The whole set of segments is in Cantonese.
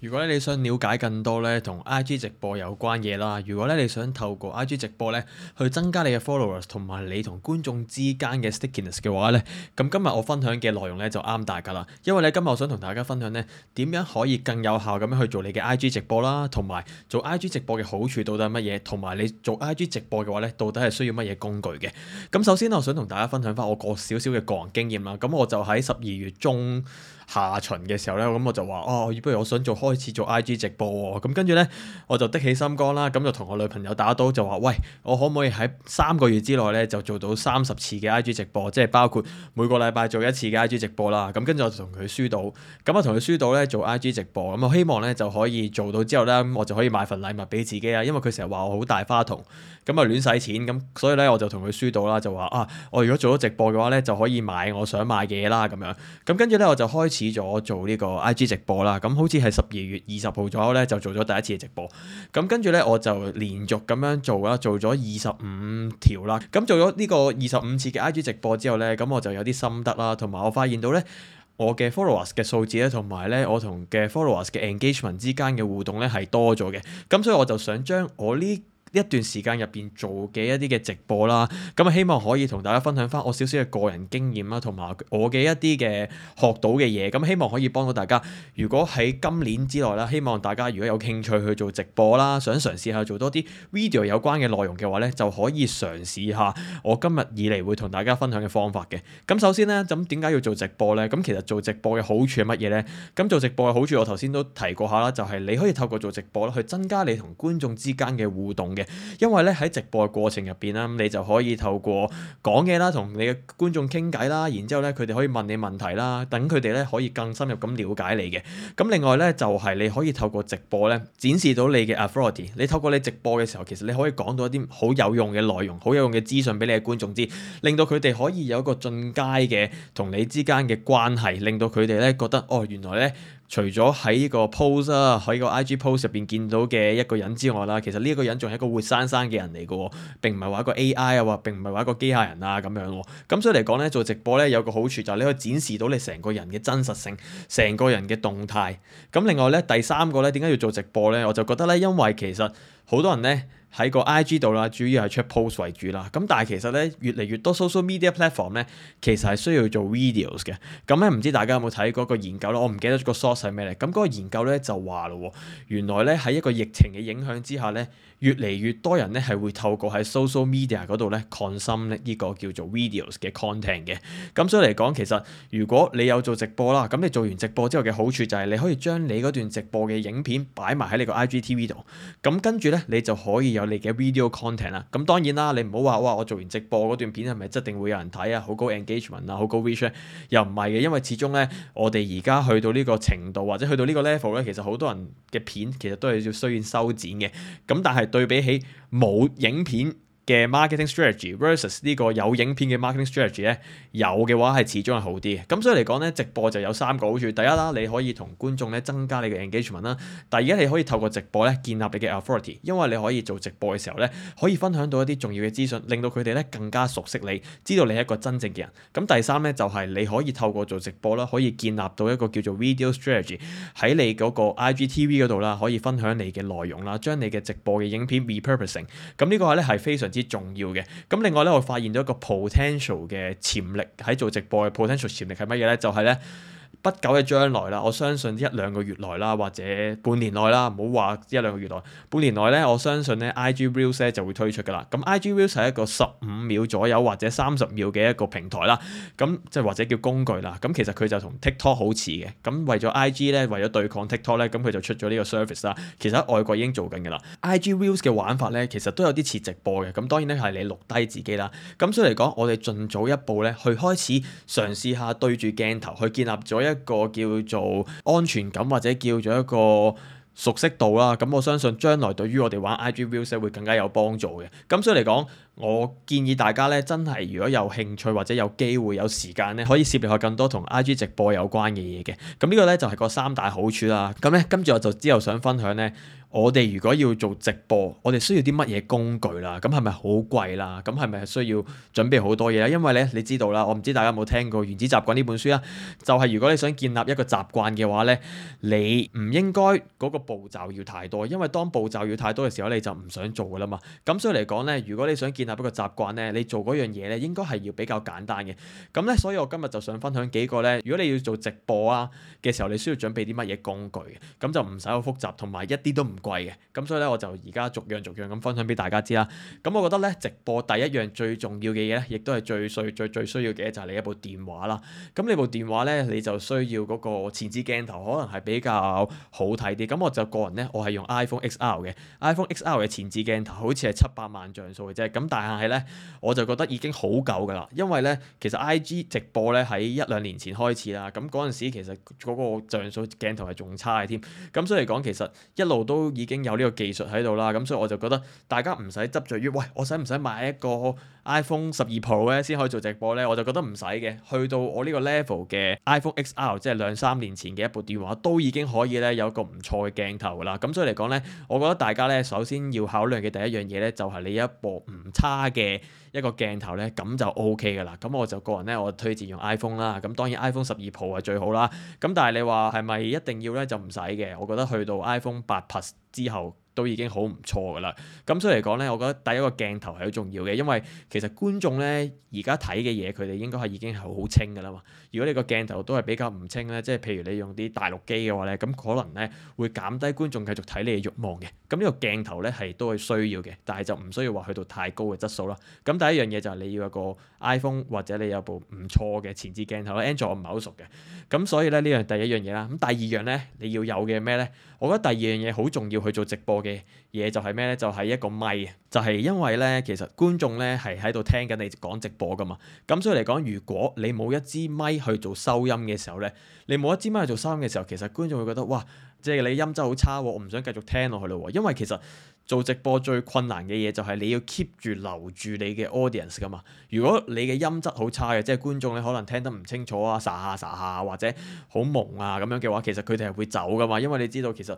如果咧你想了解更多咧同 I G 直播有關嘢啦，如果咧你想透過 I G 直播咧去增加你嘅 followers 同埋你同觀眾之間嘅 stickiness 嘅話咧，咁今日我分享嘅內容咧就啱大家啦。因為咧今日我想同大家分享咧點樣可以更有效咁樣去做你嘅 I G 直播啦，同埋做 I G 直播嘅好處到底係乜嘢，同埋你做 I G 直播嘅話咧到底係需要乜嘢工具嘅。咁首先呢，我想同大家分享翻我個小小嘅個人經驗啦。咁我就喺十二月中下旬嘅時候咧，咁我就話：哦，要不如我想做開始做 I.G 直播喎、哦。咁跟住咧，我就的起心肝啦。咁就同我女朋友打賭，就話：喂，我可唔可以喺三個月之內咧就做到三十次嘅 I.G 直播？即係包括每個禮拜做一次嘅 I.G 直播啦。咁跟住我就同佢輸到，咁我同佢輸到咧做 I.G 直播，咁我希望咧就可以做到之後咧，我就可以買份禮物俾自己啦。因為佢成日話我好大花筒。咁啊亂使錢，咁所以咧我就同佢輸到啦，就話：啊，我如果做咗直播嘅話咧，就可以買我想買嘅嘢啦。咁樣，咁跟住咧我就開始。始咗做呢個 I G 直播啦，咁好似係十二月二十號左右咧就做咗第一次嘅直播，咁跟住咧我就連續咁樣做啦，做咗二十五條啦，咁做咗呢個二十五次嘅 I G 直播之後咧，咁我就有啲心得啦，同埋我發現到咧我嘅 followers 嘅數字咧，同埋咧我同嘅 followers 嘅 engagement 之間嘅互動咧係多咗嘅，咁所以我就想將我呢一段時間入邊做嘅一啲嘅直播啦，咁希望可以同大家分享翻我少少嘅個人經驗啦，同埋我嘅一啲嘅學到嘅嘢，咁希望可以幫到大家。如果喺今年之內啦，希望大家如果有興趣去做直播啦，想嘗試下做多啲 video 有關嘅內容嘅話咧，就可以嘗試下我今日以嚟會同大家分享嘅方法嘅。咁首先咧，咁點解要做直播咧？咁其實做直播嘅好處係乜嘢咧？咁做直播嘅好處，我頭先都提過下啦，就係你可以透過做直播咧，去增加你同觀眾之間嘅互動。因為咧喺直播嘅過程入邊啦，你就可以透過講嘢啦，同你嘅觀眾傾偈啦，然之後咧佢哋可以問你問題啦，等佢哋咧可以更深入咁了解你嘅。咁另外咧就係你可以透過直播咧展示到你嘅 authority，你透過你直播嘅時候，其實你可以講到一啲好有用嘅內容、好有用嘅資訊俾你嘅觀眾知，令到佢哋可以有一個進階嘅同你之間嘅關係，令到佢哋咧覺得哦，原來咧。除咗喺呢個 post 啦，喺個 IG post 入邊見到嘅一個人之外啦，其實呢一個人仲係一個活生生嘅人嚟㗎喎，並唔係話一個 AI 啊，並唔係話一個機械人啊咁樣喎。咁、嗯、所以嚟講咧，做直播咧有個好處就係你可以展示到你成個人嘅真實性，成個人嘅動態。咁、嗯、另外咧，第三個咧，點解要做直播咧？我就覺得咧，因為其實好多人咧。喺個 IG 度啦，主要係出 post 為主啦。咁但係其實咧，越嚟越多 social media platform 咧，其實係需要做 videos 嘅。咁咧，唔知大家有冇睇嗰個研究啦？我唔記得個 source 係咩嚟。咁嗰個研究咧就話咯，原來咧喺一個疫情嘅影響之下咧，越嚟越多人咧係會透過喺 social media 嗰度咧，consume 呢依個叫做 videos 嘅 content 嘅。咁所以嚟講，其實如果你有做直播啦，咁你做完直播之後嘅好處就係你可以將你嗰段直播嘅影片擺埋喺你個 IGTV 度。咁跟住咧，你就可以。有你嘅 video content 啦，咁當然啦，你唔好話哇，我做完直播嗰段片係咪一定會有人睇啊？好高 engagement 啊，好高 view 又唔係嘅，因為始終咧，我哋而家去到呢個程度或者去到呢個 level 咧，其實好多人嘅片其實都係要需要修剪嘅，咁但係對比起冇影片。嘅 marketing strategy versus 呢個有影片嘅 marketing strategy 咧，有嘅話係始終係好啲嘅。咁所以嚟講咧，直播就有三個好處。第一啦，你可以同觀眾咧增加你嘅 engagement 啦。第二，你可以透過直播咧建立你嘅 authority，因為你可以做直播嘅時候咧，可以分享到一啲重要嘅資訊，令到佢哋咧更加熟悉你，知道你係一個真正嘅人。咁第三咧就係你可以透過做直播啦，可以建立到一個叫做 video strategy 喺你嗰個 IGTV 嗰度啦，可以分享你嘅內容啦，將你嘅直播嘅影片 repurposing。咁呢個咧係非常之啲重要嘅，咁另外咧，我發現咗一個 potential 嘅潛力喺做直播嘅 potential 潛力係乜嘢咧？就係咧。不久嘅將來啦，我相信一兩個月內啦，或者半年內啦，唔好話一兩個月內，半年內咧，我相信咧，IG Reels 就會推出嘅啦。咁 IG Reels 係一個十五秒左右或者三十秒嘅一個平台啦，咁即係或者叫工具啦。咁其實佢就同 TikTok 好似嘅，咁為咗 IG 咧，為咗對抗 TikTok 咧，咁佢就出咗呢個 service 啦。其實喺外國已經做緊嘅啦。IG Reels 嘅玩法咧，其實都有啲似直播嘅，咁當然咧係你錄低自己啦。咁所以嚟講，我哋盡早一步咧，去開始嘗試下對住鏡頭去建立咗一一個叫做安全感或者叫做一個熟悉度啦，咁我相信將來對於我哋玩 IGV 社會更加有幫助嘅，咁所以嚟講。我建議大家咧，真係如果有興趣或者有機會有時間咧，可以涉獵下更多同 IG 直播有關嘅嘢嘅。咁呢個咧就係個三大好處啦。咁咧跟住我就之後想分享咧，我哋如果要做直播，我哋需要啲乜嘢工具啦？咁係咪好貴啦？咁係咪需要準備好多嘢啦？因為咧，你知道啦，我唔知大家有冇聽過《原子習慣》呢本書啦。就係、是、如果你想建立一個習慣嘅話咧，你唔應該嗰個步驟要太多，因為當步驟要太多嘅時候，你就唔想做噶啦嘛。咁所以嚟講咧，如果你想建立啊！不過習慣咧，你做嗰樣嘢咧，應該係要比較簡單嘅。咁咧，所以我今日就想分享幾個咧。如果你要做直播啊嘅時候，你需要準備啲乜嘢工具？咁就唔使好複雜，同埋一啲都唔貴嘅。咁所以咧，我就而家逐樣逐樣咁分享俾大家知啦。咁我覺得咧，直播第一樣最重要嘅嘢咧，亦都係最需最、最最需要嘅就係你一部電話啦。咁你部電話咧，你就需要嗰個前置鏡頭，可能係比較好睇啲。咁我就個人咧，我係用 iPhone X R 嘅。iPhone X R 嘅前置鏡頭好似係七百萬像素嘅啫。咁但但係咧，我就覺得已經好舊㗎啦。因為咧，其實 IG 直播咧喺一兩年前開始啦。咁嗰陣時其實嗰個像素鏡頭係仲差嘅添。咁所以嚟講，其實一路都已經有呢個技術喺度啦。咁所以我就覺得大家唔使執著於，喂，我使唔使買一個 iPhone 十二 Pro 咧先可以做直播咧？我就覺得唔使嘅。去到我呢個 level 嘅 iPhone XR，即係兩三年前嘅一部電話，都已經可以咧有一個唔錯嘅鏡頭啦。咁所以嚟講咧，我覺得大家咧首先要考慮嘅第一樣嘢咧，就係你一部唔差差嘅一個鏡頭咧，咁就 OK 噶啦。咁我就個人咧，我推薦用 iPhone 啦。咁當然 iPhone 十二 Pro 係最好啦。咁但係你話係咪一定要咧就唔使嘅？我覺得去到 iPhone 八 Plus。之後都已經好唔錯㗎喇，咁所以嚟講呢，我覺得第一個鏡頭係好重要嘅，因為其實觀眾呢而家睇嘅嘢，佢哋應該係已經係好清㗎喇嘛。如果你個鏡頭都係比較唔清呢，即係譬如你用啲大陸機嘅話呢，咁可能呢會減低觀眾繼續睇你嘅慾望嘅。咁呢個鏡頭呢係都係需要嘅，但係就唔需要話去到太高嘅質素啦。咁第一樣嘢就係你要有個。iPhone 或者你有部唔錯嘅前置鏡頭，Android 我唔係好熟嘅，咁所以咧呢樣第一樣嘢啦，咁第二樣咧你要有嘅咩咧？我覺得第二樣嘢好重要去做直播嘅嘢就係咩咧？就係一個咪，就係因為咧其實觀眾咧係喺度聽緊你講直播噶嘛，咁所以嚟講，如果你冇一支咪去做收音嘅時候咧，你冇一支咪去做收音嘅時候，其實觀眾會覺得哇，即係你音質好差喎，我唔想繼續聽落去啦喎，因為其實。做直播最困難嘅嘢就係你要 keep 住留住你嘅 audience 㗎嘛。如果你嘅音質好差嘅，即係觀眾咧可能聽得唔清楚啊、沙下沙下或者好矇啊咁樣嘅話，其實佢哋係會走㗎嘛。因為你知道其實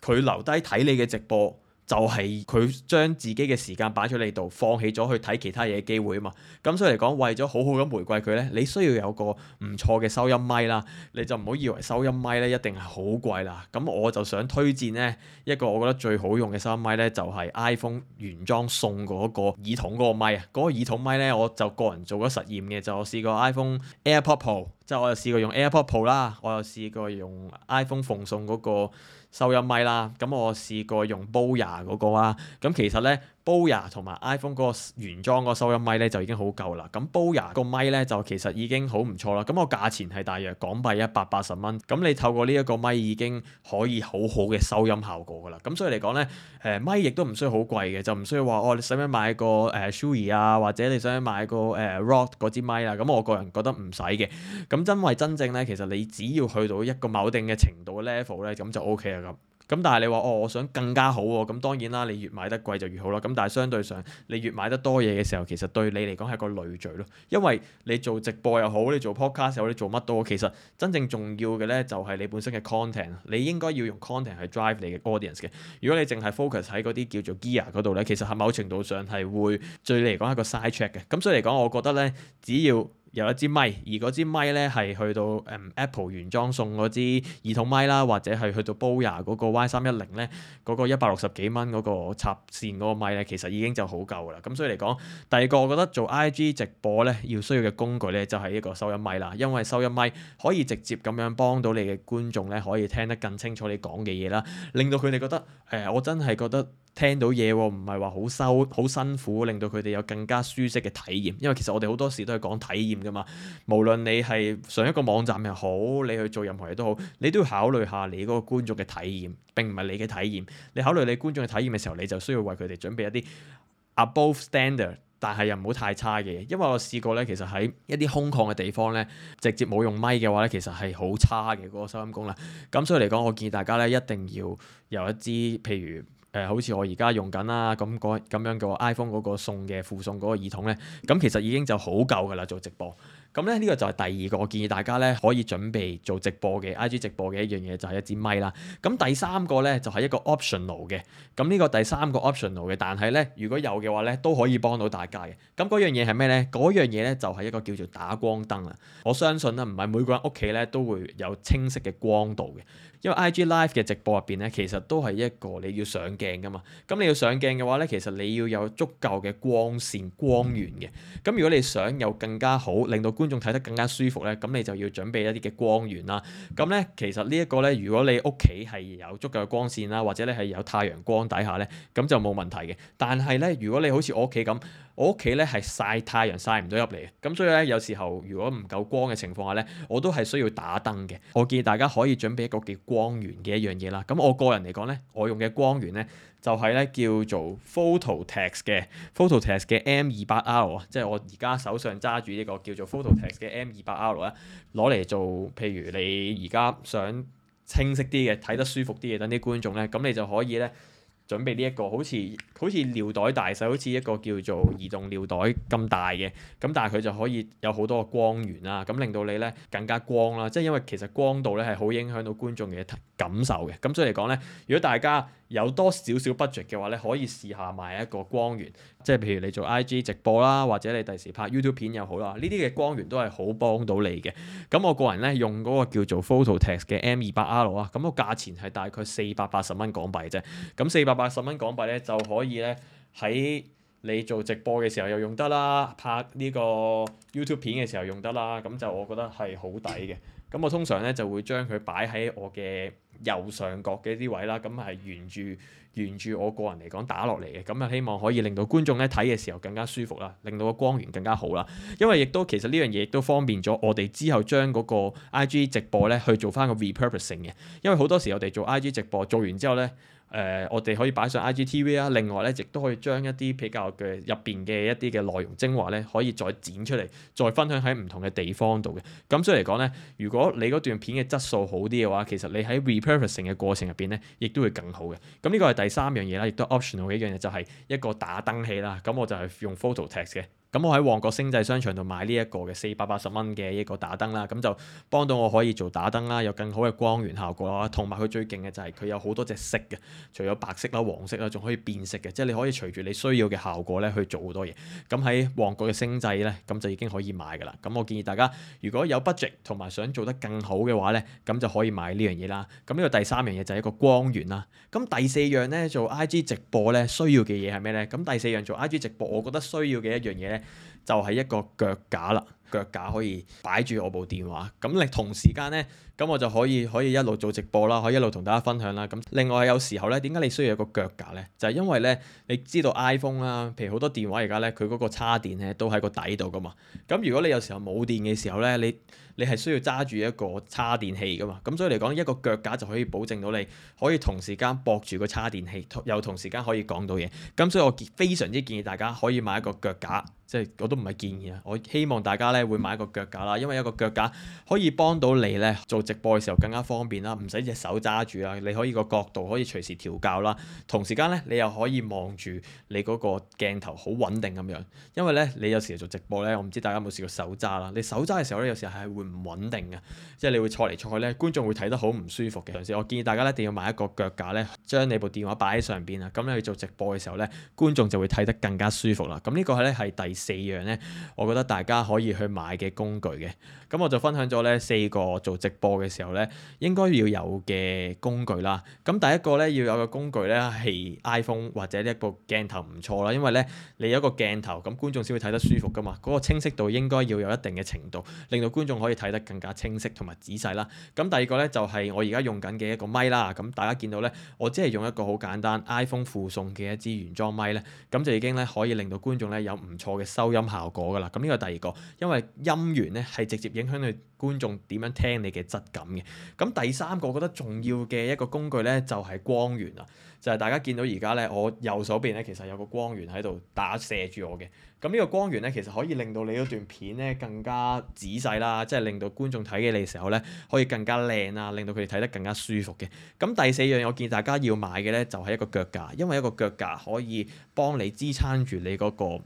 佢留低睇你嘅直播。就係佢將自己嘅時間擺咗嚟度，放棄咗去睇其他嘢機會啊嘛。咁所以嚟講，為咗好好咁回饋佢咧，你需要有個唔錯嘅收音咪啦。你就唔好以為收音咪咧一定係好貴啦。咁我就想推薦咧一個我覺得最好用嘅收音咪咧，就係、是、iPhone 原裝送嗰個耳筒嗰個咪。啊。嗰個耳筒咪咧，我就個人做咗實驗嘅，就我試過 iPhone AirPod Pro 即係我又試過用 AirPod Pro 啦，我又試過用 iPhone 奉送嗰、那個。收音咪啦，咁我試過用 Boya 嗰個啊，咁其實咧 Boya 同埋 iPhone 嗰個原裝嗰個收音咪咧就已經好夠啦。咁 Boya 個咪咧就其實已經好唔錯啦。咁個價錢係大約港幣一百八十蚊。咁你透過呢一個咪已經可以好好嘅收音效果噶啦。咁所以嚟講咧，誒咪亦都唔需要好貴嘅，就唔需要話哦，你想唔想買個誒、呃、Shure 啊，或者你想買個誒 Rode 嗰支咪啊？咁我個人覺得唔使嘅。咁真為真正咧，其實你只要去到一個某定嘅程度 level 咧、OK，咁就 O K 啦。咁咁，但係你話哦，我想更加好喎。咁當然啦，你越買得貴就越好啦。咁但係相對上，你越買得多嘢嘅時候，其實對你嚟講係個累贅咯。因為你做直播又好，你做 podcast 又好，你做乜都好，其實真正重要嘅咧，就係你本身嘅 content。你應該要用 content 去 drive 你嘅 audience 嘅。如果你淨係 focus 喺嗰啲叫做 gear 嗰度咧，其實喺某程度上係會對你嚟講係個 side track 嘅。咁所以嚟講，我覺得咧，只要有一支咪，而嗰支咪咧係去到誒 Apple 原裝送嗰支耳筒咪啦，或者係去到 Boya 嗰個 Y 三一零咧，嗰個一百六十幾蚊嗰個插線嗰個咪咧，其實已經就好夠㗎喇。咁所以嚟講，第二個我覺得做 IG 直播咧要需要嘅工具咧就係一個收音咪啦，因為收音咪可以直接咁樣幫到你嘅觀眾咧可以聽得更清楚你講嘅嘢啦，令到佢哋覺得誒我真係覺得。呃聽到嘢喎，唔係話好收好辛苦，令到佢哋有更加舒適嘅體驗。因為其實我哋好多時都係講體驗㗎嘛。無論你係上一個網站又好，你去做任何嘢都好，你都要考慮下你嗰個觀眾嘅體驗，並唔係你嘅體驗。你考慮你觀眾嘅體驗嘅時候，你就需要為佢哋準備一啲 above standard，但係又唔好太差嘅嘢。因為我試過咧，其實喺一啲空曠嘅地方咧，直接冇用咪嘅話咧，其實係好差嘅嗰個收音功能。咁所以嚟講，我建議大家咧一定要有一支譬如～誒、呃，好似我而家用緊啦，咁嗰咁樣個 iPhone 嗰個送嘅附送嗰個耳筒咧，咁其實已經就好夠噶啦做直播。咁咧呢、呢個就係第二個建議大家咧可以準備做直播嘅 IG 直播嘅一樣嘢，就係一支咪啦。咁第三個咧就係一個 optional 嘅。咁呢個第三個 optional 嘅，但係咧如果有嘅話咧都可以幫到大家嘅。咁嗰樣嘢係咩咧？嗰樣嘢咧就係一個叫做打光燈啦！我相信咧唔係每個人屋企咧都會有清晰嘅光度嘅。因為 IG Live 嘅直播入邊咧，其實都係一個你要上鏡㗎嘛。咁你要上鏡嘅話咧，其實你要有足夠嘅光線光源嘅。咁如果你想有更加好，令到觀眾睇得更加舒服咧，咁你就要準備一啲嘅光源啦。咁咧，其實呢一個咧，如果你屋企係有足夠嘅光線啦，或者你係有太陽光底下咧，咁就冇問題嘅。但係咧，如果你好似我屋企咁，我屋企咧係曬太陽曬唔到入嚟嘅，咁所以咧有時候如果唔夠光嘅情況下咧，我都係需要打燈嘅。我建議大家可以準備一個叫光源嘅一樣嘢啦。咁我個人嚟講咧，我用嘅光源咧就係咧叫做 Phototex 嘅 Phototex 嘅 M 二八 R，即係我而家手上揸住呢個叫做 Phototex 嘅 M 二八 R 啊，攞嚟做譬如你而家想清晰啲嘅、睇得舒服啲嘅等啲觀眾咧，咁你就可以咧。準備呢、這、一個好似好似尿袋大細，好似一個叫做移動尿袋咁大嘅，咁但係佢就可以有好多個光源啦，咁令到你咧更加光啦，即係因為其實光度咧係好影響到觀眾嘅感受嘅，咁所以嚟講咧，如果大家有多少少 budget 嘅話咧，可以試下買一個光源，即係譬如你做 IG 直播啦，或者你第時拍 YouTube 片又好啦，呢啲嘅光源都係好幫到你嘅。咁我個人咧用嗰個叫做 Phototex 嘅 M 二百 R 啊，咁個價錢係大概四百八十蚊港幣啫。咁四百八十蚊港幣咧就可以咧喺你做直播嘅時候又用得啦，拍呢個 YouTube 片嘅時候用得啦。咁就我覺得係好抵嘅。咁我通常咧就會將佢擺喺我嘅右上角嘅啲位啦，咁係沿住沿住我個人嚟講打落嚟嘅，咁啊希望可以令到觀眾咧睇嘅時候更加舒服啦，令到個光源更加好啦，因為亦都其實呢樣嘢亦都方便咗我哋之後將嗰個 IG 直播咧去做返個 repurposing 嘅，因為好多時候我哋做 IG 直播做完之後咧。誒、呃，我哋可以擺上 IGTV 啊！另外咧，亦都可以將一啲比較嘅入邊嘅一啲嘅內容精華咧，可以再剪出嚟，再分享喺唔同嘅地方度嘅。咁所以嚟講咧，如果你嗰段片嘅質素好啲嘅話，其實你喺 repurposing 嘅過程入邊咧，亦都會更好嘅。咁呢個係第三樣嘢啦，亦都 optional 嘅一樣嘢，就係、是、一個打燈器啦。咁我就係用 Photo Text 嘅。咁我喺旺角星際商場度買呢一個嘅四百八十蚊嘅一個打燈啦，咁就幫到我可以做打燈啦，有更好嘅光源效果啦，同埋佢最勁嘅就係佢有好多隻色嘅，除咗白色啦、黃色啦，仲可以變色嘅，即係你可以隨住你需要嘅效果咧去做好多嘢。咁喺旺角嘅星際咧，咁就已經可以買㗎啦。咁我建議大家如果有 budget 同埋想做得更好嘅話咧，咁就可以買呢樣嘢啦。咁呢個第三樣嘢就係一個光源啦。咁第四樣咧，做 IG 直播咧需要嘅嘢係咩咧？咁第四樣做 IG 直播，我覺得需要嘅一樣嘢咧。就係一個腳架啦，腳架可以擺住我部電話，咁你同時間呢。咁我就可以可以一路做直播啦，可以一路同大家分享啦。咁另外有時候咧，點解你需要一個腳架咧？就係因為咧，你知道 iPhone 啦，譬如好多電話而家咧，佢嗰個叉電咧都喺個底度噶嘛。咁如果你有時候冇電嘅時候咧，你你係需要揸住一個叉電器噶嘛。咁所以嚟講一個腳架就可以保證到你可以同時間駁住個叉電器，又同時間可以講到嘢。咁所以我非常之建議大家可以買一個腳架，即係我都唔係建議啊，我希望大家咧會買一個腳架啦，因為一個腳架可以幫到你咧做。直播嘅時候更加方便啦，唔使隻手揸住啦，你可以個角度可以隨時調校啦，同時間呢，你又可以望住你嗰個鏡頭好穩定咁樣，因為呢，你有時做直播呢，我唔知大家有冇試過手揸啦，你手揸嘅時候呢，有時係會唔穩定嘅，即係你會錯嚟錯去呢，觀眾會睇得好唔舒服嘅。所以我建議大家一定要買一個腳架呢，將你部電話擺喺上邊啊，咁你去做直播嘅時候呢，觀眾就會睇得更加舒服啦。咁呢個呢係第四樣呢，我覺得大家可以去買嘅工具嘅。咁我就分享咗呢四個做直播嘅時候咧，應該要有嘅工具啦。咁第一個咧，要有嘅工具咧係 iPhone 或者一個鏡頭唔錯啦。因為咧你有個鏡頭，咁觀眾先會睇得舒服噶嘛。嗰個清晰度應該要有一定嘅程度，令到觀眾可以睇得更加清晰同埋仔細啦。咁第二個咧就係我而家用緊嘅一個咪啦。咁大家見到咧，我只係用一個好簡單 iPhone 附送嘅一支原裝咪咧，咁就已經咧可以令到觀眾咧有唔錯嘅收音效果噶啦。咁呢個第二個，因為音源咧係直接影響你。觀眾點樣聽你嘅質感嘅？咁第三個我覺得重要嘅一個工具咧，就係光源啊！就係大家見到而家咧，我右手邊咧其實有個光源喺度打射住我嘅。咁呢個光源咧，其實可以令到你嗰段片咧更加仔細啦，即係令到觀眾睇嘅你時候咧，可以更加靚啊，令到佢哋睇得更加舒服嘅。咁第四樣我建議大家要買嘅咧，就係一個腳架，因為一個腳架可以幫你支撐住你嗰個。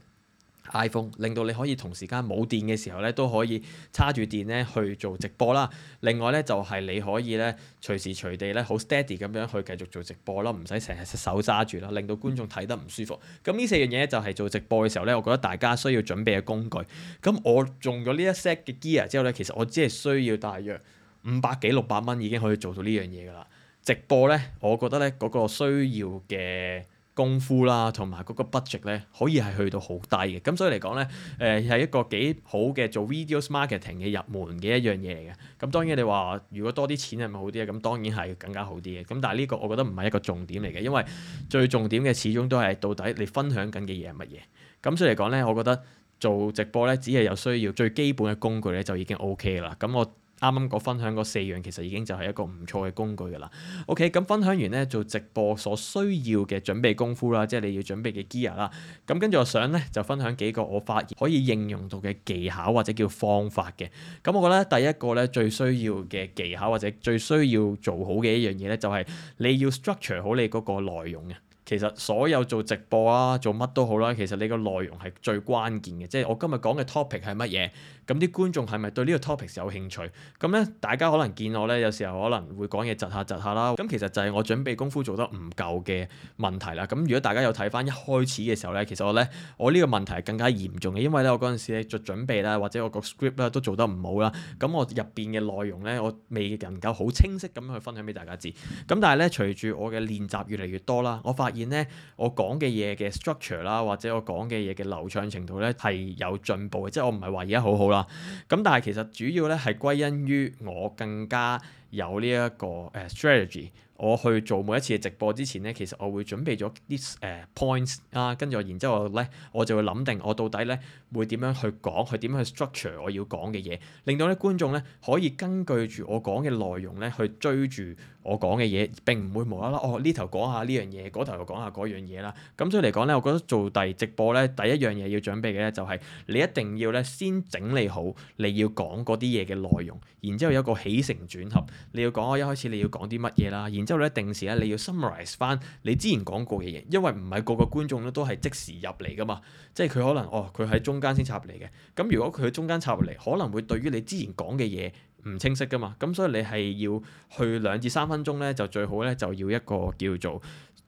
iPhone 令到你可以同時間冇電嘅時候咧，都可以叉住電咧去做直播啦。另外咧就係你可以咧隨時隨地咧好 steady 咁樣去繼續做直播啦，唔使成日隻手揸住啦，令到觀眾睇得唔舒服。咁呢四樣嘢咧就係做直播嘅時候咧，我覺得大家需要準備嘅工具。咁我用咗呢一 set 嘅 gear 之後咧，其實我只係需要大約五百幾六百蚊已經可以做到呢樣嘢噶啦。直播咧，我覺得咧嗰個需要嘅。功夫啦，同埋嗰個 budget 咧，可以係去到好低嘅。咁所以嚟講咧，誒、呃、係一個幾好嘅做 video marketing 嘅入門嘅一樣嘢嚟嘅。咁當然你話如果多啲錢係咪好啲咧？咁當然係更加好啲嘅。咁但係呢個我覺得唔係一個重點嚟嘅，因為最重點嘅始終都係到底你分享緊嘅嘢係乜嘢。咁所以嚟講咧，我覺得做直播咧只係有需要最基本嘅工具咧就已經 OK 嘅啦。咁我。啱啱講分享嗰四樣其實已經就係一個唔錯嘅工具㗎啦。OK，咁分享完咧，做直播所需要嘅準備功夫啦，即係你要準備嘅 gear 啦。咁跟住我想咧就分享幾個我發現可以應用到嘅技巧或者叫方法嘅。咁我覺得第一個咧，最需要嘅技巧或者最需要做好嘅一樣嘢咧，就係你要 structure 好你嗰個內容嘅。其實所有做直播啊做乜都好啦，其實你個內容係最關鍵嘅。即係我今日講嘅 topic 係乜嘢？咁啲觀眾係咪對呢個 topics 有興趣？咁咧，大家可能見我咧，有時候可能會講嘢窒下窒下啦。咁其實就係我準備功夫做得唔夠嘅問題啦。咁如果大家有睇翻一開始嘅時候咧，其實我咧，我呢個問題係更加嚴重嘅，因為咧，我嗰陣時咧做準備啦，或者我個 script 啦都做得唔好啦。咁我入邊嘅內容咧，我未能夠好清晰咁去分享俾大家知。咁但係咧，隨住我嘅練習越嚟越多啦，我發現咧，我講嘅嘢嘅 structure 啦，或者我講嘅嘢嘅流暢程度咧係有進步嘅，即係我唔係話而家好好啦。啊！咁但係其實主要咧係歸因於我更加。有呢一個誒 strategy，我去做每一次直播之前呢，其實我會準備咗啲誒 points 啊，跟住我然之後咧，我就會諗定我到底咧會點樣去講，去點樣去 structure 我要講嘅嘢，令到啲觀眾咧可以根據住我講嘅內容咧去追住我講嘅嘢，並唔會無啦啦哦呢頭講下呢樣嘢，嗰頭又講下嗰樣嘢啦。咁所以嚟講咧，我覺得做第直播咧第一樣嘢要準備嘅咧就係你一定要咧先整理好你要講嗰啲嘢嘅內容，然之後有一個起承轉合。你要講開一開始你要講啲乜嘢啦，然之後咧定時咧你要 summarize 翻你之前講過嘅嘢，因為唔係個個觀眾咧都係即時入嚟噶嘛，即係佢可能哦佢喺中間先插入嚟嘅，咁如果佢喺中間插入嚟，可能會對於你之前講嘅嘢唔清晰噶嘛，咁所以你係要去兩至三分鐘咧就最好咧就要一個叫做。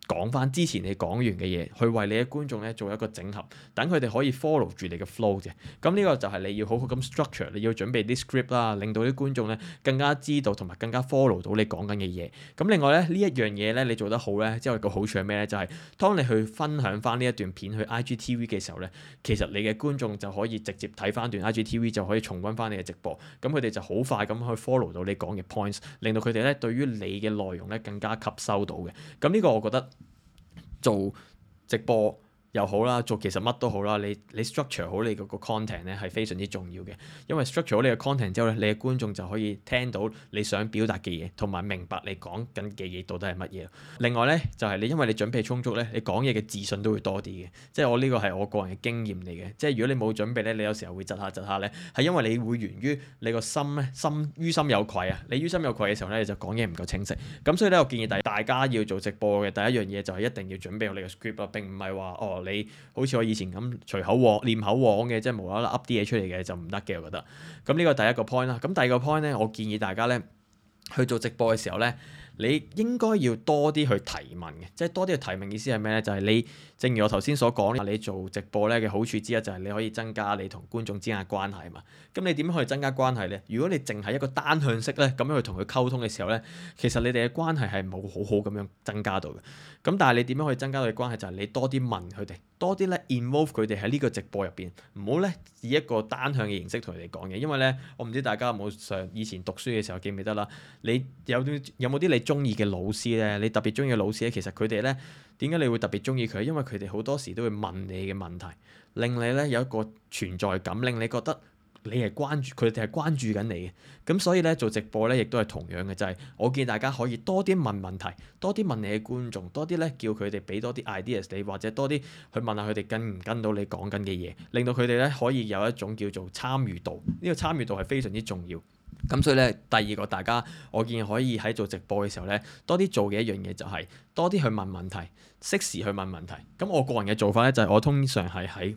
講翻之前你講完嘅嘢，去為你嘅觀眾咧做一個整合，等佢哋可以 follow 住你嘅 flow 啫。咁呢個就係你要好好咁 structure，你要準備啲 script 啦，令到啲觀眾咧更加知道同埋更加 follow 到你講緊嘅嘢。咁另外咧呢一樣嘢咧你做得好咧，之後個好處係咩咧？就係當你去分享翻呢一段片去 IGTV 嘅時候咧，其實你嘅觀眾就可以直接睇翻段 IGTV 就可以重溫翻你嘅直播，咁佢哋就好快咁去 follow 到你講嘅 points，令到佢哋咧對於你嘅內容咧更加吸收到嘅。咁呢個我覺得。做直播。又好啦，做其實乜都好啦。你你 structure 好你嗰個 content 咧係非常之重要嘅，因為 structure 好你個 content 之後咧，你嘅觀眾就可以聽到你想表達嘅嘢，同埋明白你講緊嘅嘢到底係乜嘢。另外咧就係你因為你準備充足咧，你講嘢嘅自信都會多啲嘅。即係我呢個係我個人嘅經驗嚟嘅。即係如果你冇準備咧，你有時候會窒下窒下咧，係因為你會源於你個心咧心於心有愧啊。你於心有愧嘅時候咧，你就講嘢唔夠清晰。咁所以咧，我建議大大家要做直播嘅第一樣嘢就係一定要準備好你嘅 script 啊，並唔係話哦。你好似我以前咁隨口往念口往嘅，即係無啦啦噏啲嘢出嚟嘅就唔得嘅，我覺得。咁呢個第一個 point 啦。咁第二個 point 呢，我建議大家呢去做直播嘅時候呢，你應該要多啲去提問嘅，即係多啲去提問。意思係咩呢？就係、是、你。正如我頭先所講，你做直播咧嘅好處之一就係你可以增加你同觀眾之間嘅關係嘛。咁你點樣可以增加關係咧？如果你淨係一個單向式咧，咁樣去同佢溝通嘅時候咧，其實你哋嘅關係係冇好好咁樣增加到嘅。咁但係你點樣可以增加到嘅關係？就係你多啲問佢哋，多啲咧 involve 佢哋喺呢個直播入邊，唔好咧以一個單向嘅形式同佢哋講嘢。因為咧，我唔知大家有冇上以前讀書嘅時候記唔記得啦？你有啲有冇啲你中意嘅老師咧？你特別中意嘅老師咧，其實佢哋咧。點解你會特別中意佢？因為佢哋好多時都會問你嘅問題，令你咧有一個存在感，令你覺得你係，關注佢哋係關注緊你嘅咁。所以咧做直播咧，亦都係同樣嘅，就係我建議大家可以多啲問問題，多啲問你嘅觀眾，多啲咧叫佢哋俾多啲 ideas 你，或者多啲去問下佢哋跟唔跟到你講緊嘅嘢，令到佢哋咧可以有一種叫做參與度。呢個參與度係非常之重要。咁所以咧，第二個大家，我建議可以喺做直播嘅時候咧，多啲做嘅一樣嘢就係、是、多啲去問問題，適時去問問題。咁我個人嘅做法咧，就係、是、我通常係喺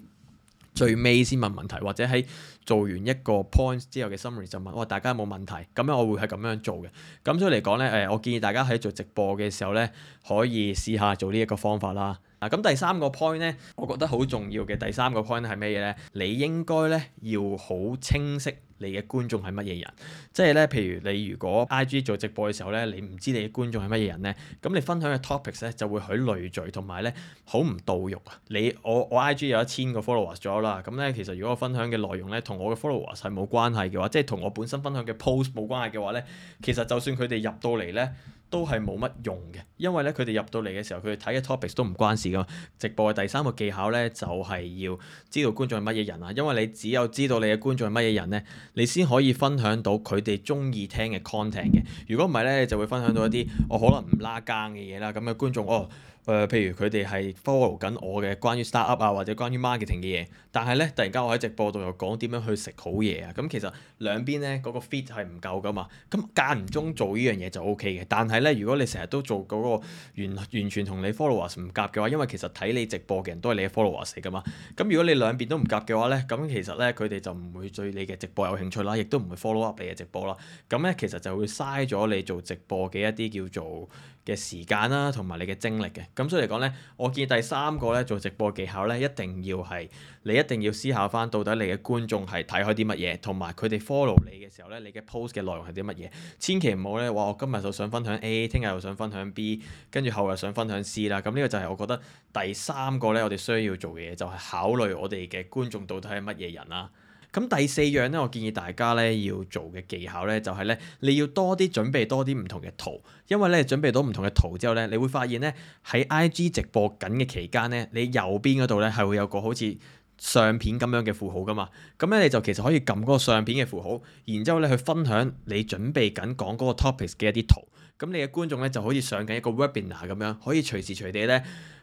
最尾先問問題，或者喺做完一個 point 之後嘅 summary 就問，喂，大家有冇問題？咁樣我會係咁樣做嘅。咁所以嚟講咧，誒，我建議大家喺做直播嘅時候咧，可以試下做呢一個方法啦。啊，咁第三個 point 咧，我覺得好重要嘅第三個 point 係咩嘢咧？你應該咧要好清晰你嘅觀眾係乜嘢人，即係咧，譬如你如果 IG 做直播嘅時候咧，你唔知你嘅觀眾係乜嘢人咧，咁你分享嘅 topics 咧就會好累贅，同埋咧好唔到肉啊！你我我 IG 有一千個 followers 咗啦，咁、嗯、咧其實如果我分享嘅內容咧同我嘅 followers 係冇關係嘅話，即係同我本身分享嘅 post 冇關係嘅話咧，其實就算佢哋入到嚟咧。都係冇乜用嘅，因為咧佢哋入到嚟嘅時候，佢哋睇嘅 topics 都唔關事㗎。直播嘅第三個技巧咧，就係、是、要知道觀眾係乜嘢人啊，因為你只有知道你嘅觀眾係乜嘢人咧，你先可以分享到佢哋鍾意聽嘅 content 嘅。如果唔係咧，就會分享到一啲我、哦、可能唔拉更嘅嘢啦。咁嘅觀眾哦。誒、呃，譬如佢哋係 follow 緊我嘅關於 startup 啊，或者關於 marketing 嘅嘢，但係咧，突然間我喺直播度又講點樣去食好嘢啊，咁其實兩邊咧嗰、嗰個 fit 係唔夠噶嘛，咁間唔中做依樣嘢就 OK 嘅，但係咧，如果你成日都做嗰個完完全同你 followers 唔夾嘅話，因為其實睇你直播嘅人都係你嘅 followers 嚟噶嘛，咁如果你兩邊都唔夾嘅話咧，咁其實咧佢哋就唔會對你嘅直播有興趣啦，亦都唔會 follow up 你嘅直播啦，咁咧其實就會嘥咗你做直播嘅一啲叫做。嘅時間啦，同埋你嘅精力嘅，咁所以嚟講咧，我建議第三個咧做直播技巧咧，一定要係你一定要思考返，到底你嘅觀眾係睇開啲乜嘢，同埋佢哋 follow 你嘅時候咧，你嘅 post 嘅內容係啲乜嘢，千祈唔好咧話我今日就想分享 A，聽日又想分享 B，跟住後日想分享 C 啦，咁呢個就係我覺得第三個咧，我哋需要做嘅嘢就係、是、考慮我哋嘅觀眾到底係乜嘢人啦。咁第四樣咧，我建議大家咧要做嘅技巧咧，就係咧，你要多啲準備多啲唔同嘅圖，因為咧準備到唔同嘅圖之後咧，你會發現咧喺 IG 直播緊嘅期間咧，你右邊嗰度咧係會有個好似相片咁樣嘅符號噶嘛，咁咧你就其實可以撳嗰個相片嘅符號，然之後咧去分享你準備緊講嗰個 topics 嘅一啲圖，咁你嘅觀眾咧就好似上緊一個 webinar 咁樣，可以隨時隨地咧。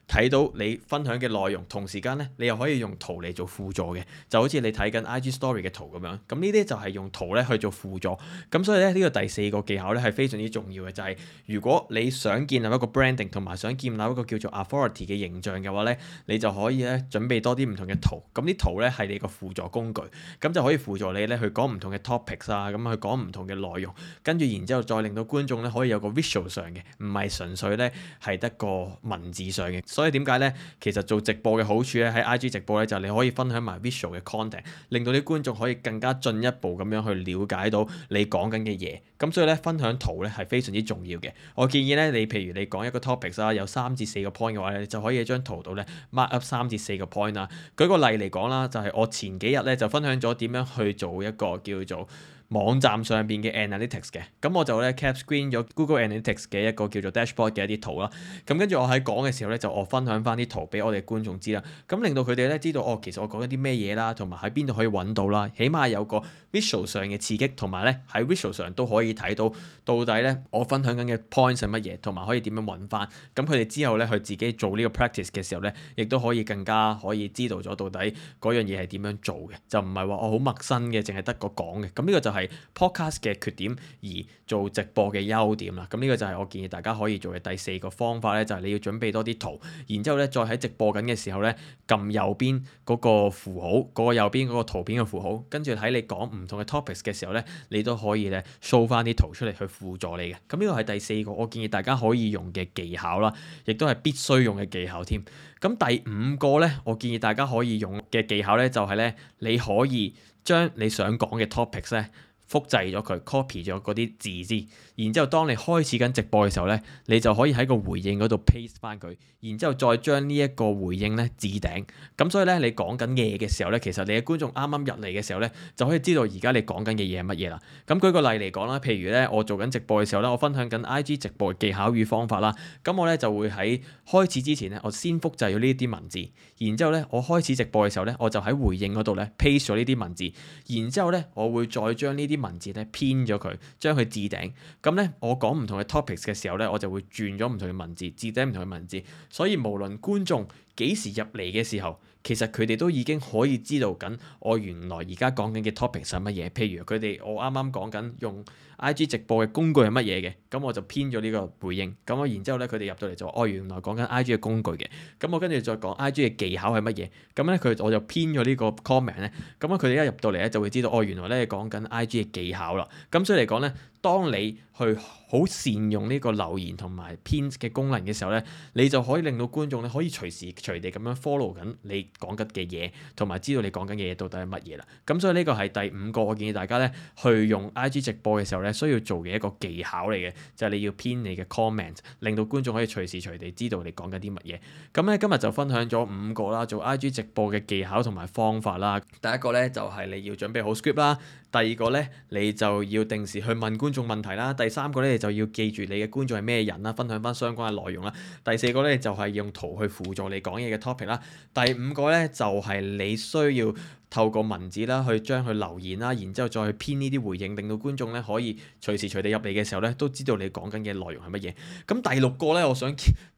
睇到你分享嘅內容，同時間咧你又可以用圖嚟做輔助嘅，就好似你睇緊 IG Story 嘅圖咁樣。咁呢啲就係用圖咧去做輔助。咁所以咧呢個第四個技巧咧係非常之重要嘅，就係如果你想建立一個 branding 同埋想建立一個叫做 authority 嘅形象嘅話咧，你就可以咧準備多啲唔同嘅圖。咁啲圖咧係你個輔助工具，咁就可以輔助你咧去講唔同嘅 topics 啊，咁去講唔同嘅內容。跟住然之後再令到觀眾咧可以有個 visual 上嘅，唔係純粹咧係得個文字上嘅。所以點解咧？其實做直播嘅好處咧，喺 IG 直播咧，就你可以分享埋 visual 嘅 content，令到啲觀眾可以更加進一步咁樣去了解到你講緊嘅嘢。咁所以咧，分享圖咧係非常之重要嘅。我建議咧，你譬如你講一個 topics 啦，有三至四個 point 嘅話咧，就可以喺張圖度咧 mark up 三至四個 point 啦。舉個例嚟講啦，就係我前幾日咧就分享咗點樣去做一個叫做網站上邊嘅 analytics 嘅，咁我就咧 cap screen 咗 Google Analytics 嘅一個叫做 dashboard 嘅一啲圖啦。咁跟住我喺講嘅時候咧，就我分享返啲圖俾我哋觀眾知啦。咁令到佢哋咧知道哦，其實我講緊啲咩嘢啦，同埋喺邊度可以揾到啦。起碼有個 visual 上嘅刺激，同埋咧喺 visual 上都可以睇到到底咧我分享緊嘅 point 係乜嘢，同埋可以點樣揾返。咁佢哋之後咧佢自己做呢個 practice 嘅時候咧，亦都可以更加可以知道咗到底嗰樣嘢係點樣做嘅，就唔係話我好陌生嘅，淨係得個講嘅。咁呢個就係、是。係 podcast 嘅缺點而做直播嘅優點啦，咁、這、呢個就係我建議大家可以做嘅第四個方法咧，就係、是、你要準備多啲圖，然之後咧再喺直播緊嘅時候咧，撳右邊嗰個符號，嗰個右邊嗰個圖片嘅符號，跟住喺你講唔同嘅 topics 嘅時候咧，你都可以咧 show 翻啲圖出嚟去輔助你嘅。咁、這、呢個係第四個我建議大家可以用嘅技巧啦，亦都係必須用嘅技巧添。咁第五個咧，我建議大家可以用嘅技巧咧，就係咧你可以將你想講嘅 topics 咧。複製咗佢，copy 咗嗰啲字先，然之後當你開始緊直播嘅時候咧，你就可以喺個回應嗰度 paste 翻佢，然之後再將呢一個回應咧置頂。咁所以咧，你講緊嘢嘅時候咧，其實你嘅觀眾啱啱入嚟嘅時候咧，就可以知道而家你講緊嘅嘢係乜嘢啦。咁、嗯、舉個例嚟講啦，譬如咧我做緊直播嘅時候咧，我分享緊 IG 直播嘅技巧與方法啦。咁我咧就會喺開始之前咧，我先複製咗呢啲文字，然之後咧我開始直播嘅時候咧，我就喺回應嗰度咧 paste 咗呢啲文字，然之後咧我會再將呢啲。文字咧編咗佢，將佢置頂。咁咧，我講唔同嘅 topics 嘅時候咧，我就會轉咗唔同嘅文字，置頂唔同嘅文字。所以無論觀眾幾時入嚟嘅時候，其實佢哋都已經可以知道緊，我原來而家講緊嘅 topic 係乜嘢？譬如佢哋我啱啱講緊用 IG 直播嘅工具係乜嘢嘅，咁我就編咗呢個回應。咁我然之後咧，佢哋入到嚟就哦，原來講緊 IG 嘅工具嘅。咁我跟住再講 IG 嘅技巧係乜嘢？咁咧佢我就編咗呢個 comment 咧。咁佢哋一入到嚟咧就會知道哦，原來咧講緊 IG 嘅技巧啦。咁所以嚟講咧。當你去好善用呢個留言同埋 pin 嘅功能嘅時候咧，你就可以令到觀眾咧可以隨時隨地咁樣 follow 緊你講緊嘅嘢，同埋知道你講緊嘅嘢到底係乜嘢啦。咁所以呢個係第五個，我建議大家咧去用 I G 直播嘅時候咧需要做嘅一個技巧嚟嘅，就係、是、你要 pin 你嘅 comment，令到觀眾可以隨時隨地知道你講緊啲乜嘢。咁咧今日就分享咗五個啦，做 I G 直播嘅技巧同埋方法啦。第一個咧就係、是、你要準備好 script 啦，第二個咧你就要定時去問觀。觀眾問題啦，第三個咧就要記住你嘅觀眾係咩人啦，分享翻相關嘅內容啦。第四個咧就係、是、用圖去輔助你講嘢嘅 topic 啦。第五個咧就係、是、你需要透過文字啦去將佢留言啦，然之後再去編呢啲回應，令到觀眾咧可以隨時隨地入嚟嘅時候咧都知道你講緊嘅內容係乜嘢。咁第六個咧，我想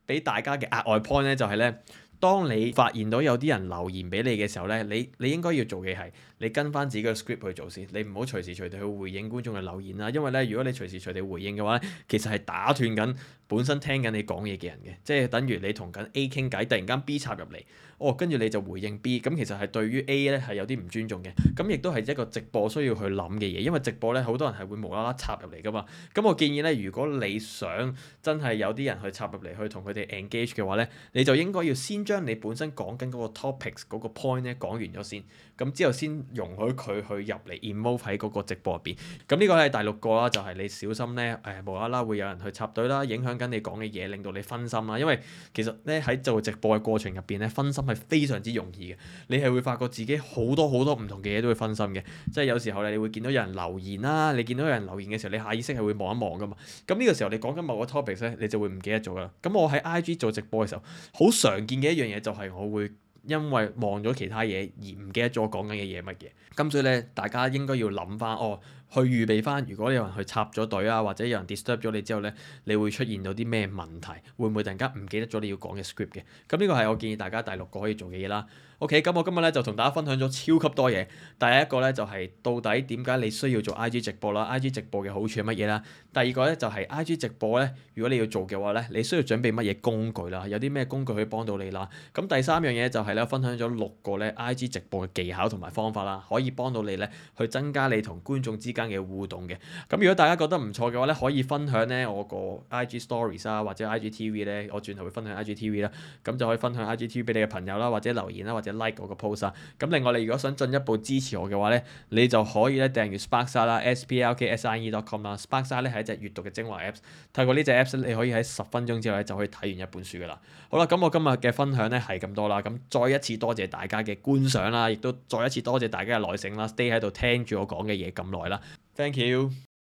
俾大家嘅額外 point 咧就係、是、咧，當你發現到有啲人留言俾你嘅時候咧，你你應該要做嘅係。你跟翻自己嘅 script 去做先，你唔好隨時隨地去回應觀眾嘅留言啦。因為咧，如果你隨時隨地回應嘅話咧，其實係打斷緊本身聽緊你講嘢嘅人嘅，即係等於你同緊 A 傾偈，突然間 B 插入嚟，哦，跟住你就回應 B，咁其實係對於 A 咧係有啲唔尊重嘅。咁亦都係一個直播需要去諗嘅嘢，因為直播咧好多人係會無啦啦插入嚟㗎嘛。咁我建議咧，如果你想真係有啲人去插入嚟去同佢哋 engage 嘅話咧，你就應該要先將你本身講緊嗰個 topics 嗰個 point 咧講完咗先，咁之後先。容許佢去入嚟 remove 喺嗰個直播入邊，咁呢個係第六個啦，就係你小心咧，誒無啦啦會有人去插隊啦，影響緊你講嘅嘢，令到你分心啦。因為其實咧喺做直播嘅過程入邊咧，分心係非常之容易嘅，你係會發覺自己好多好多唔同嘅嘢都會分心嘅，即係有時候咧你會見到有人留言啦，你見到有人留言嘅時候，你下意識係會望一望噶嘛。咁呢個時候你講緊某個 topic 咧，你就會唔記得咗啦。咁我喺 IG 做直播嘅時候，好常見嘅一樣嘢就係我會。因為忘咗其他嘢而唔記得咗我講緊嘅嘢乜嘢，咁、嗯、所以咧大家應該要諗翻哦，去預備翻。如果有人去插咗隊啊，或者有人 disturb 咗你之後咧，你會出現到啲咩問題？會唔會突然間唔記得咗你要講嘅 script 嘅？咁、嗯、呢、呢個係我建議大家第六個可以做嘅嘢啦。OK，咁我今日咧就同大家分享咗超級多嘢。第一個咧就係到底點解你需要做 IG 直播啦？IG 直播嘅好處係乜嘢啦？第二個咧就係 IG 直播咧，如果你要做嘅話咧，你需要準備乜嘢工具啦？有啲咩工具可以幫到你啦？咁第三樣嘢就係咧，分享咗六個咧 IG 直播嘅技巧同埋方法啦，可以幫到你咧去增加你同觀眾之間嘅互動嘅。咁如果大家覺得唔錯嘅話咧，可以分享咧我個 IG Stories 啊，或者 IG TV 咧，我轉頭會分享 IG TV 啦。咁就可以分享 IG TV 俾你嘅朋友啦，或者留言啦、啊，或者～like 我個 post 啊！咁另外，你如果你想進一步支持我嘅話咧，你就可以咧訂閱 s p a r k s 啦，s p l k s i e dot com 啦。Sparksa 咧係一隻閲讀嘅精華 Apps，透過呢隻 Apps 你可以喺十分鐘之後咧就可以睇完一本書噶啦。好啦，咁我今日嘅分享咧係咁多啦。咁再一次多謝大家嘅觀賞啦，亦都再一次多謝大家嘅耐性啦，stay 喺度聽住我講嘅嘢咁耐啦。 Thank you。